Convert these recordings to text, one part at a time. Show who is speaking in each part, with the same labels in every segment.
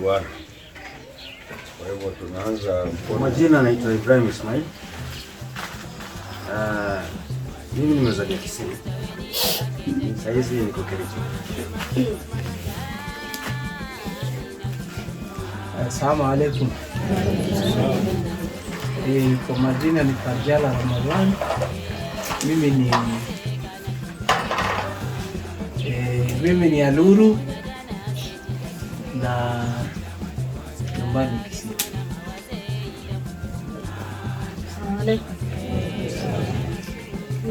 Speaker 1: kujuana. Kwa hivyo tunaanza.
Speaker 2: Kwa majina naitwa Ibrahim Ismail. Ah, mimi nimezalia Kisii. Sasa hizi niko Kericho. Asalamu alaykum. E, kwa majina ni Fajala Ramadhani. Mimi ni e, mimi ni Aluru na nyumbani Kisii.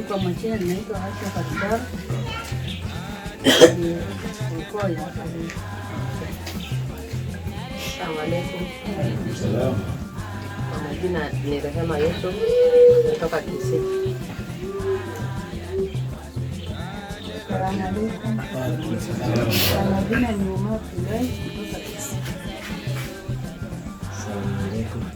Speaker 3: Kwa majina naitwa Asha Kadidara, mkoa ya alaykum. Kwa majina nitasema Yesu kutoka Kisii. Kwa majina ni Umar Fulai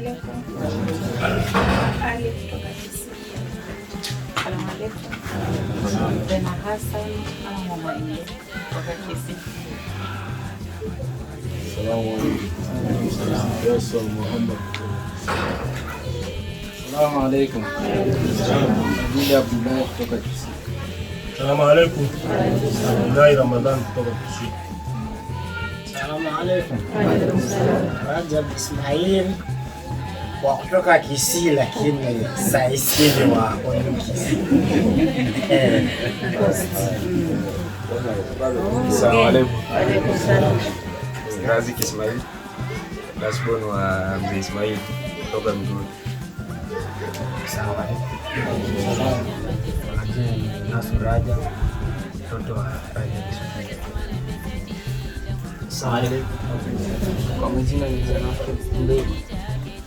Speaker 4: alaikum. Ali kutoka
Speaker 5: Salamu alaikum. Tena Hassan ama mama Inde kutoka Kisii.
Speaker 6: Salamu alaikum. Yesu Muhammad.
Speaker 7: Salamu alaikum. Abdulahi Abdulahi kutoka Kisii.
Speaker 8: Salamu alaikum. Abdulahi Ramadhan kutoka Kisii.
Speaker 9: Salamu alaikum. Rajab Ismail wa kutoka Kisii lakini saa hizi ni wa Konyuki.
Speaker 10: Salamu Kismail. Nasbon wa Mzee Ismail kutoka Mjuni.
Speaker 11: Nasuraja mtoto wa
Speaker 12: Kwa majina ni Zanafiki Mdogo.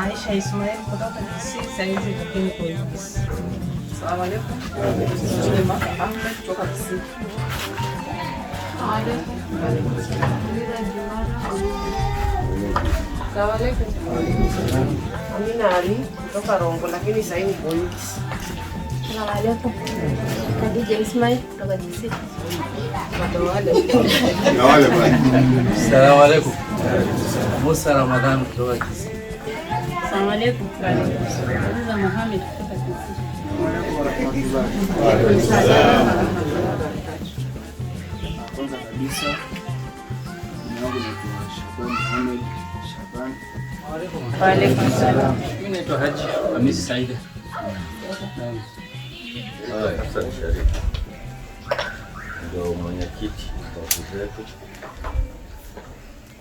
Speaker 13: Aisha Ismail kutoka KCC Sahizi Takini Polisi.
Speaker 14: Salamu alaykum. Mheshimiwa Ahmed kutoka KCC.
Speaker 15: Salamu alaykum. Amina Ali kutoka Rombo lakini sasa hivi Polisi.
Speaker 16: Salamu
Speaker 17: alaykum.
Speaker 18: Salamu alaykum. Musa Ramadhani kutoka KCC.
Speaker 19: Kwanza kabisa jina naitwa
Speaker 20: Shaban Mohamed
Speaker 21: Shaban. Mimi naitwa Haji Hamisi Saida.
Speaker 22: ndio mwenyekiti wa zetu.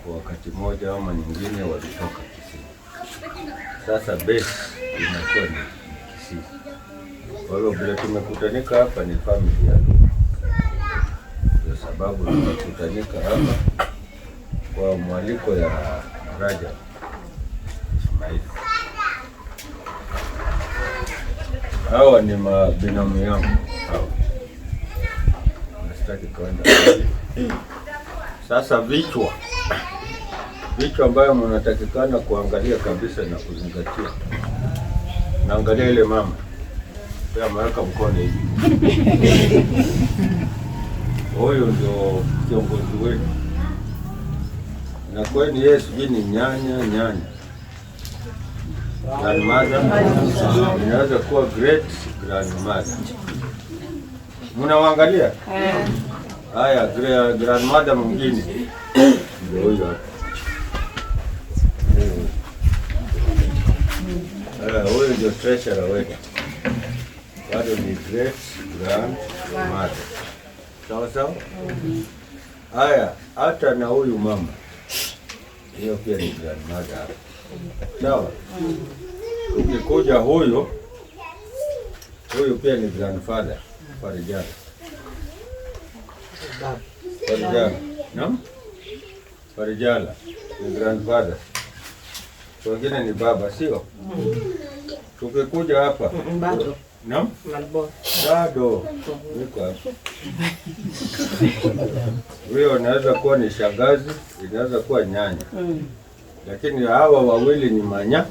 Speaker 22: Kwa wakati mmoja ama nyingine walitoka kisini sasa besi inakuwa ni Kisii. Kwa hiyo vile tumekutanika hapa ni familia ya ndio sababu tumekutanika hapa kwa mwaliko ya Raja Ismail. Hawa ni mabinamu yangu hawa, nastaki kwenda sasa vichwa vitu ambayo mnatakikana kuangalia kabisa na kuzingatia, naangalia ile mama ameweka mkono hivi huyu ndio kiongozi wenu, na kweli yeye sijui ni nyanya nyanya grandmother, inaweza kuwa great grandmother. Mnawaangalia eh. haya grandmother mwingine ndio huyo hapa treasurer wetu bado ni great grandmother, sawa sawa. Haya, hata na huyu mama hiyo pia ni grandmother hapa, sawa. Ukikuja huyu huyu pia ni grandfather Farijana, Farijana no? Farijana ni grandfather, wengine ni baba, sio? tukikuja hapa bado bado niko hapa. Huyo inaweza kuwa ni shangazi, inaweza kuwa nyanya mm. Lakini hawa wawili ni manya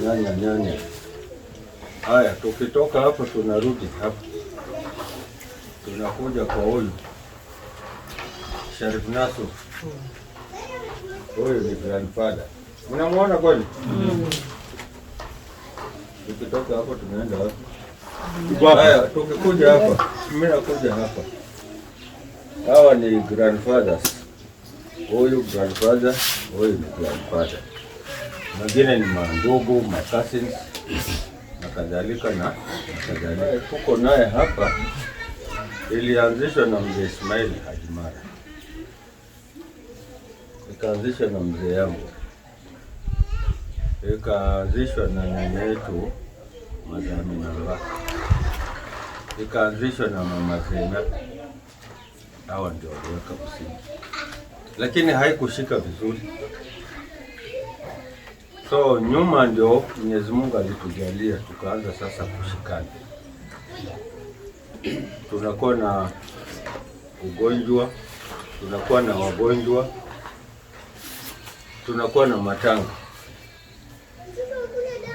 Speaker 22: nyanya nyanya. Haya, tukitoka hapa tunarudi hapa, tunakuja kwa huyu Sharif Nasu. Mm. Huyu ni grandfather, mnamwona kweli? mm tukitoka hapo tunaenda hapa. Haya, tukikuja hapa, mimi nakuja hapa. Hawa ni grandfathers, huyu grandfather, huyu ni grandfather, mwingine ni mandugu, macousins na kadhalika na kadhalika. Tuko naye hapa, ilianzishwa na mzee Ismail Hajimara, ikaanzishwa na mzee yangu ikaanzishwa na nyanya yetu Madamina Mbaka, ikaanzishwa na mama Zena. Hawa ndio waliweka msingi, lakini haikushika vizuri. So nyuma ndio Mwenyezi Mungu alitujalia tukaanza sasa kushikana. Tunakuwa na ugonjwa, tunakuwa na wagonjwa, tunakuwa na matanga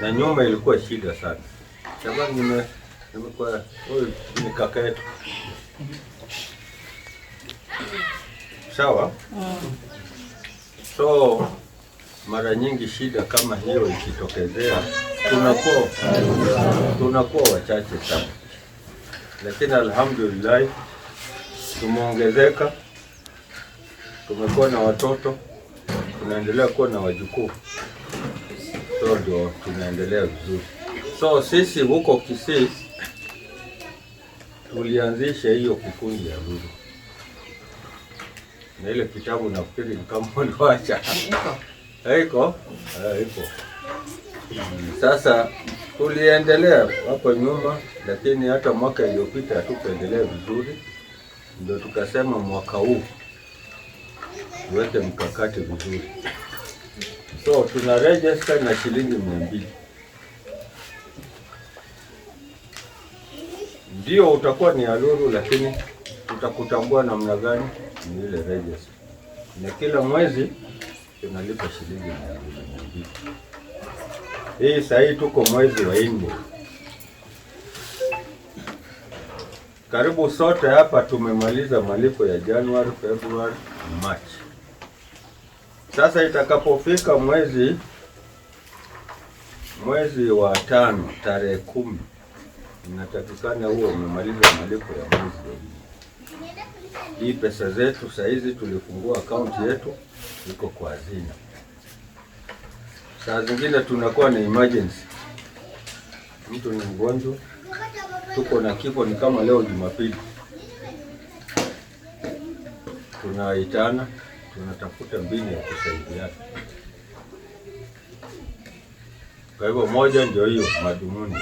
Speaker 22: na nyumba ilikuwa shida sana, sababu nime nimekuwa huyu ni kaka yetu sawa. So mara nyingi shida kama hiyo ikitokezea, tunakuwa tunakuwa wachache sana, lakini alhamdulillah tumeongezeka, tumekuwa na watoto, tunaendelea kuwa na wajukuu so tunaendelea vizuri. So sisi huko Kisii tulianzisha hiyo kikundi ya Lulu na ile kitabu nafikiri kama uliwacha haiko iko. Ah, Sasa tuliendelea hapo nyuma, lakini hata mwaka iliyopita hatukuendelea vizuri, ndio tukasema mwaka huu tuweke mkakati vizuri. So tuna register na shilingi mia mbili ndio utakuwa ni aluru, lakini utakutambua namna gani ni ile register, na kila mwezi tunalipa shilingi mia mbili. Hii sahii tuko mwezi wa nne, karibu sote hapa tumemaliza malipo ya Januari, Februari, Machi. Sasa itakapofika mwezi mwezi wa tano tarehe kumi inatakikana huo umemaliza malipo ya mwezi. Hii pesa zetu saa hizi tulifungua akaunti yetu iko kwa hazina. Saa zingine tunakuwa na emergency, mtu ni mgonjwa, tuko na kifo, ni kama leo Jumapili tunaitana tunatafuta mbinu ya kusaidiana. Kwa hivyo moja ndio hiyo madhumuni,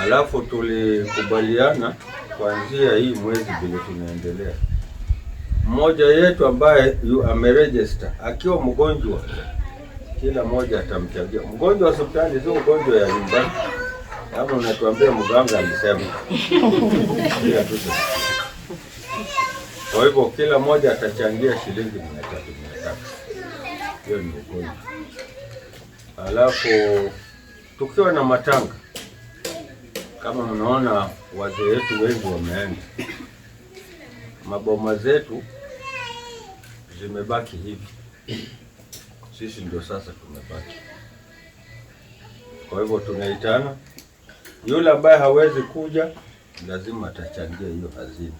Speaker 22: alafu tulikubaliana kuanzia hii mwezi vile tunaendelea, mmoja yetu ambaye amerejista akiwa mgonjwa, kila mmoja atamchagia mgonjwa wa hospitali, sio mgonjwa ya nyumbani. Kama unatuambia mganga alisema Kwa hivyo kila mmoja atachangia shilingi mia tatu mia tatu. Hiyo ni ukweli. Alafu tukiwa na matanga, kama mnaona wazee wetu wengi wameenda, maboma zetu zimebaki hivi, sisi ndio sasa tumebaki. Kwa hivyo tunaitana, yule ambaye hawezi kuja lazima atachangia hiyo hazina.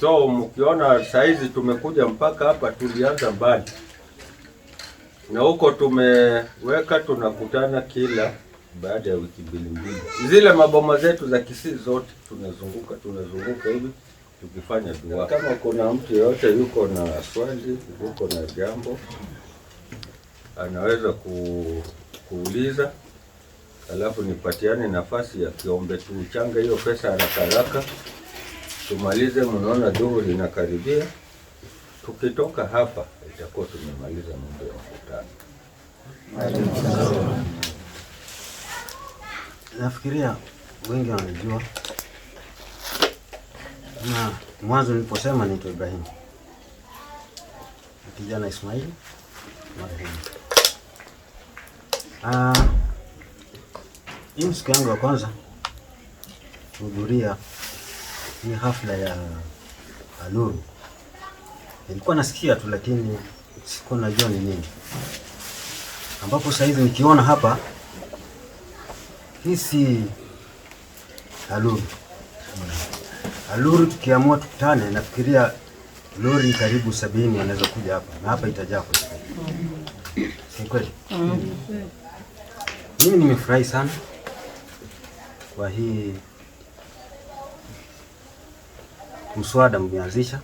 Speaker 22: So mkiona saizi tumekuja mpaka hapa, tulianza mbali na huko tumeweka, tunakutana kila baada ya wiki mbili mbili. Zile maboma zetu za Kisii zote tunazunguka tunazunguka hivi tukifanya dua. Kama kuna mtu yoyote yuko na swali, yuko na jambo, anaweza ku, kuuliza, alafu nipatiane nafasi ya kiombe, tuchange hiyo pesa haraka haraka tumalize. Mnaona duru linakaribia, tukitoka hapa itakuwa tumemaliza mambo ya mkutano.
Speaker 2: Nafikiria wengi wanajua, na mwanzo niliposema naitwa Ibrahim kijana Ismail marehemu. Ah, hii siku yangu ya kwanza kuhudhuria ni hafla ya Aluru. Nilikuwa nasikia tu, lakini sikuwa najua ni nini, ambapo sasa hivi nikiona hapa, hii si Aluru. Aluru tukiamua tukutane, nafikiria lori karibu sabini wanaweza kuja hapa na hapa itajaa kwa si kweli? Mm. Mimi nimefurahi sana kwa hii mswada mmeanzisha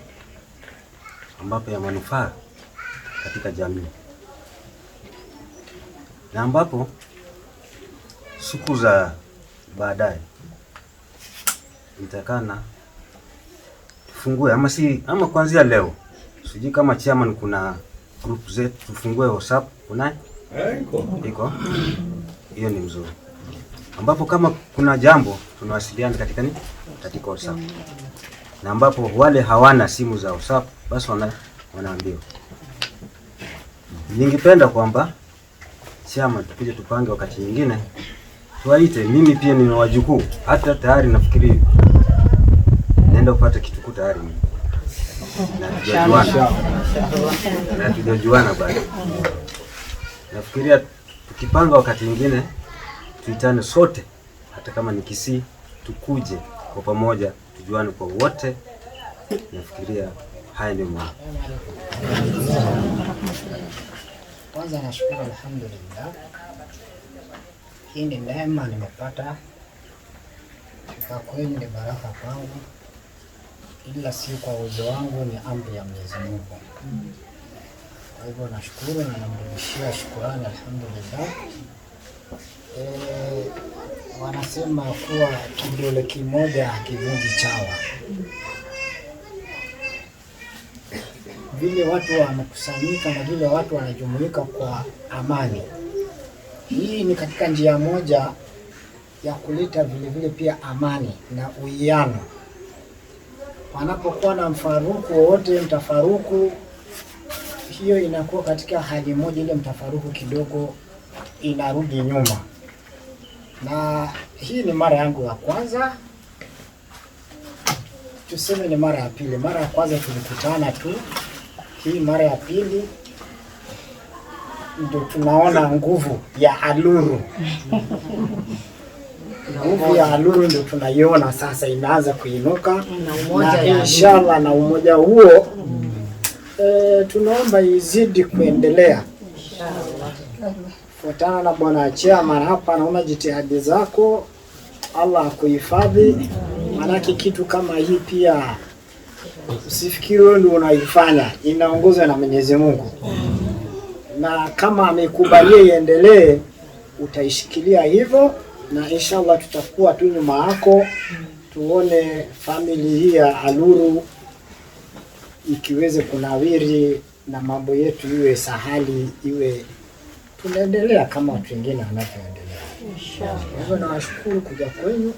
Speaker 2: ambapo ya manufaa katika jamii na ambapo siku za baadaye nitakana tufungue ama si ama kuanzia leo, sijui kama chairman, kuna group zetu tufungue WhatsApp, kuna iko hiyo ni mzuri, ambapo kama kuna jambo tunawasiliana katika ni katika WhatsApp na ambapo wale hawana simu za WhatsApp basi wana, wanaambiwa. Ningependa kwamba chama tukuje tupange wakati mwingine tuwaite. Mimi pia nina wajukuu, hata tayari nafikiri naenda kupata kitukuu tayari na tujajuana bado. Nafikiria tukipanga wakati mwingine tuitane sote, hata kama ni Kisii, tukuje kwa pamoja tujuane kwa wote. Nafikiria haya ndio maana. Kwanza nashukuru, alhamdulillah. Hii ni neema nimepata, kwa kweli ni baraka kwangu, ila si kwa uwezo wangu, ni amri ya Mwenyezi Mungu. Kwa hivyo nashukuru na namrudishia shukurani, alhamdulillah. Eh, wanasema kuwa kidole kimoja kivunji chawa. Vile watu wamekusanyika na vile watu wanajumuika kwa amani, hii ni katika njia moja ya kuleta vile vile pia amani na uwiano. Wanapokuwa na mfaruku wowote, mtafaruku hiyo inakuwa katika hali moja ile, mtafaruku kidogo inarudi nyuma na hii ni mara yangu ya kwanza, tuseme ni mara ya pili. Mara ya kwanza tulikutana tu, hii mara ya pili ndio tunaona nguvu ya Aluru nguvu ya Aluru ndio tunaiona sasa, inaanza kuinuka na inshallah, na umoja huo mm. E, tunaomba izidi kuendelea inshallah fuatana na bwana chairman hapa, naona jitihadi zako, Allah akuhifadhi. Maanake kitu kama hii pia usifikiri wewe ndio unaifanya, inaongozwa na Mwenyezi Mungu, na kama amekubalia iendelee, utaishikilia hivyo, na inshallah tutakuwa tu nyuma yako, tuone famili hii ya Aluru ikiweze kunawiri na mambo yetu iwe sahali iwe tunaendelea kama watu wengine wanavyoendelea. Hivyo nawashukuru kuja kwenu.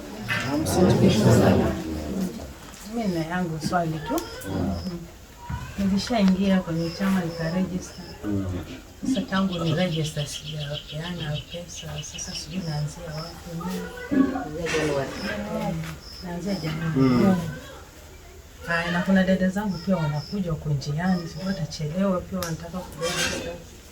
Speaker 5: Mimi na yangu swali tu, nilishaingia kwenye chama nikarejista. Sasa tangu ni rejista sijapeana pesa, sasa sijui naanzia wapi? Naanzia Januari. Haya, na kuna dada zangu pia wanakuja huko njiani, watachelewa, pia wanataka kurejista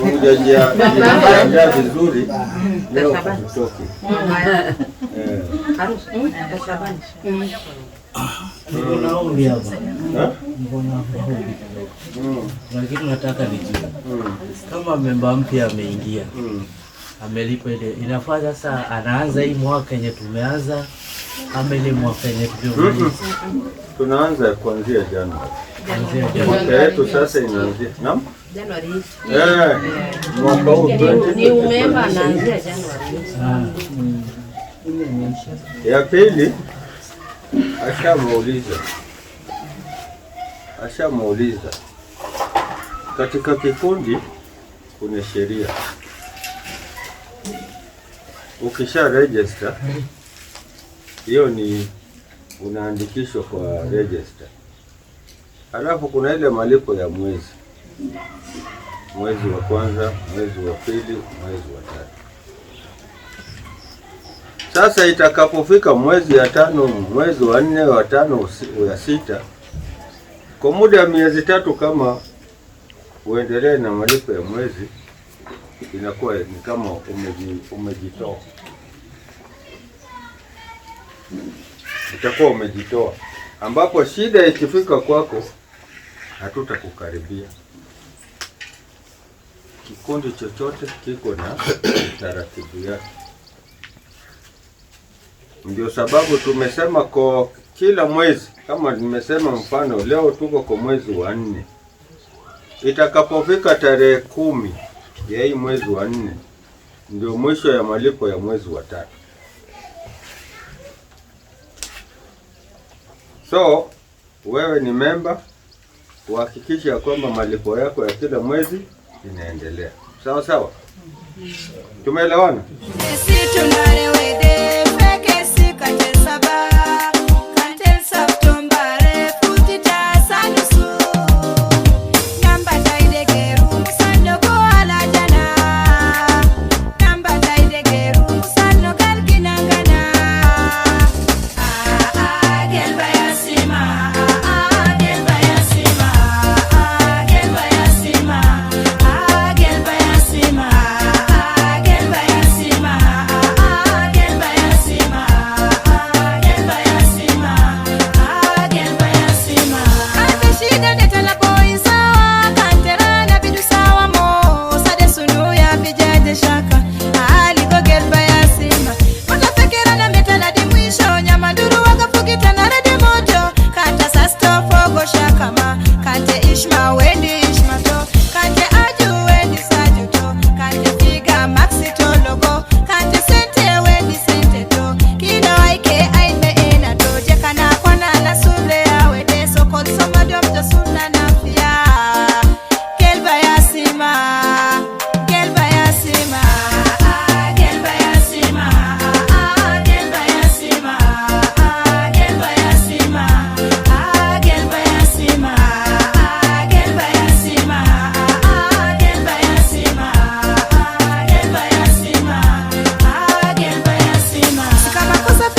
Speaker 22: Hujajiandaa vizuri leo kutoki
Speaker 2: na nataka nijue kama memba mpya ameingia amelipa ile inafaa sasa, anaanza hii mwaka yenye tumeanza ama ile mwaka yenye
Speaker 22: tunaanza kuanzia Januari, mwaka yetu sasa inaanzia
Speaker 5: Eh,
Speaker 22: mwaka huu Ya pili ashamuuliza. Ashamuuliza. Katika kikundi kuna sheria. Ukisha register hiyo ni unaandikishwa kwa register. Alafu kuna ile malipo ya mwezi mwezi wa kwanza, mwezi wa pili, mwezi wa tatu. Sasa itakapofika mwezi ya tano, mwezi wa nne, wa tano, ya sita, kwa muda wa miezi tatu, kama uendelee na malipo ya mwezi, inakuwa ni kama umejitoa, itakuwa umejitoa, ambapo shida ikifika kwako hatutakukaribia. Kikundi chochote kiko na taratibu yake. Ndio sababu tumesema kwa kila mwezi, kama nimesema mfano leo tuko kwa mwezi wa nne, itakapofika tarehe kumi ya hii mwezi wa nne ndio mwisho ya malipo ya mwezi wa tatu. So wewe ni memba, uhakikisha kwamba malipo yako ya kila mwezi inaendelea. Sawa sawa, tumeelewana.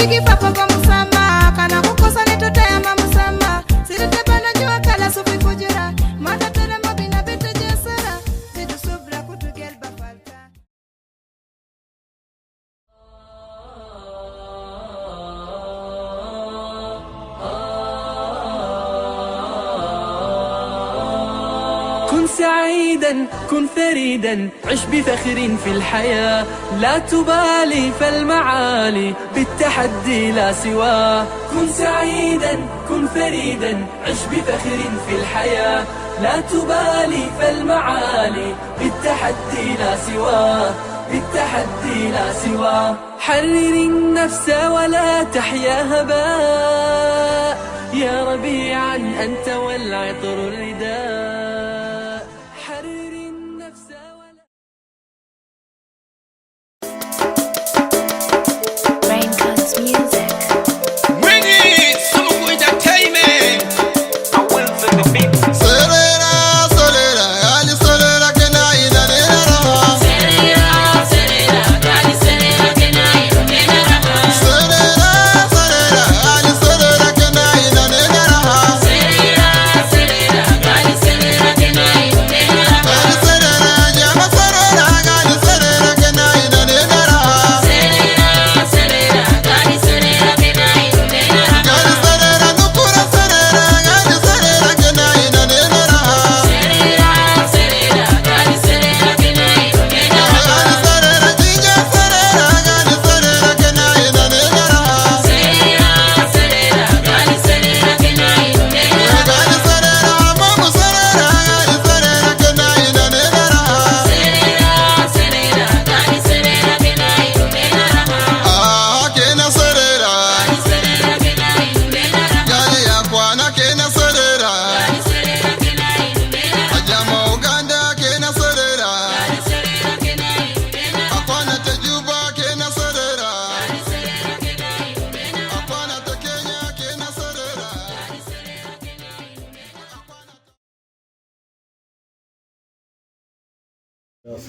Speaker 22: Biggie Papa, come كن فريدا عش بفخر في الحياة لا تبالي فالمعالي بالتحدي لا سواه كن سعيدا كن فريدا عش بفخر في الحياة لا تبالي فالمعالي بالتحدي لا سواه بالتحدي لا سواه حرر النفس ولا تحيا هباء يا ربيعا أنت والعطر الرداء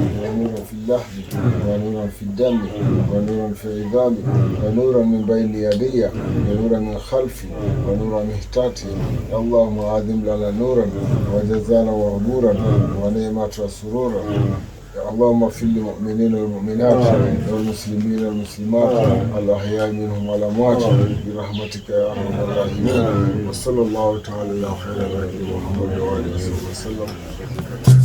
Speaker 22: ونورا في اللحم ونورا في الدم ونورا في العظام ونورا من بين يدي ونورا من خلفي ونورا من اللهم عظم لنا نورا وجزانا وعبورا ونعمة وسرورا اللهم اغفر للمؤمنين والمؤمنات والمسلمين والمسلمات الاحياء منهم والاموات برحمتك يا ارحم الراحمين وصلى الله تعالى على خير محمد وعلى اله وسلم